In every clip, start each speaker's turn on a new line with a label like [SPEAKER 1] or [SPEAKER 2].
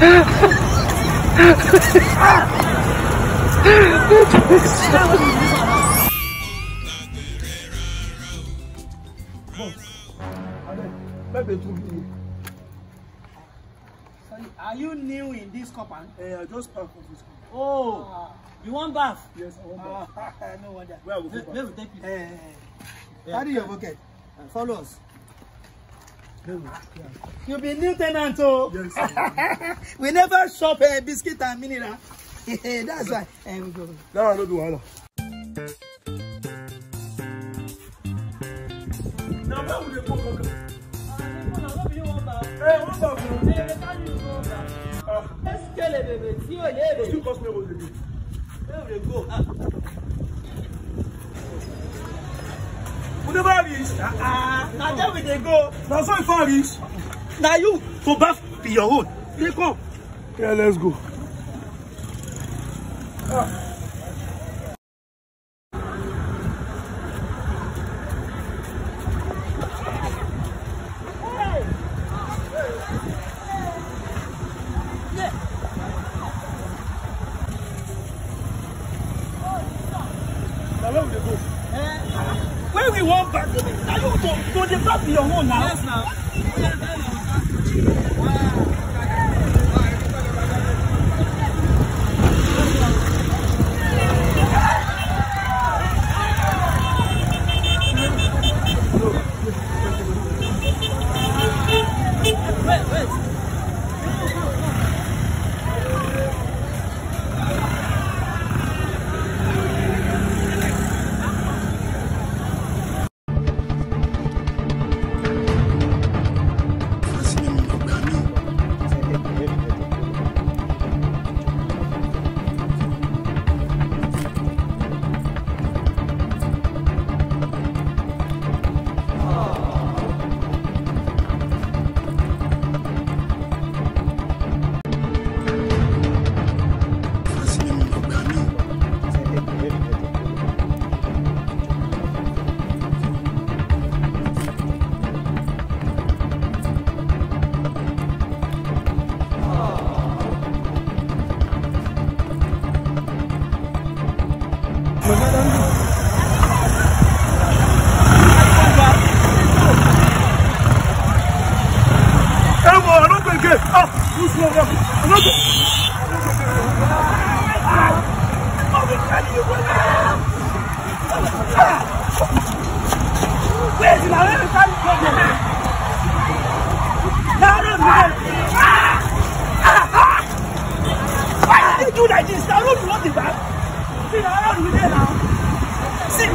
[SPEAKER 1] Are you new in this company? Uh, just uh, Oh, ah. you want bath? Yes, I want ah, bath. Ah, no wonder. Where will we take you? Hey, hey, hey. Yeah. Carry your bucket. Follow us. You be new tenant, oh. Yes. we never shop uh, biscuit and mineral. That's why. Eh, no, no, no, no. do it, baby. See you later. Still cost me what they do. go? Ah. we never reach now there we go na so e far reach Now you for baff be your own dey come. yeah let's go. Ah. Why we want back? Now you go, go the back to your home now. Yes, now.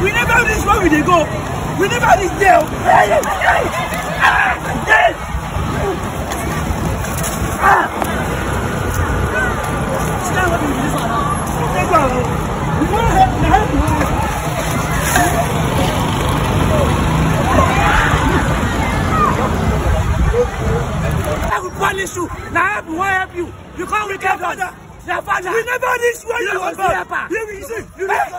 [SPEAKER 1] We never reach where we dey go. We never reach there. Why will punish you? Now help you, why help you? You can't wicked God. Their father. We never this where you are. You will see. You will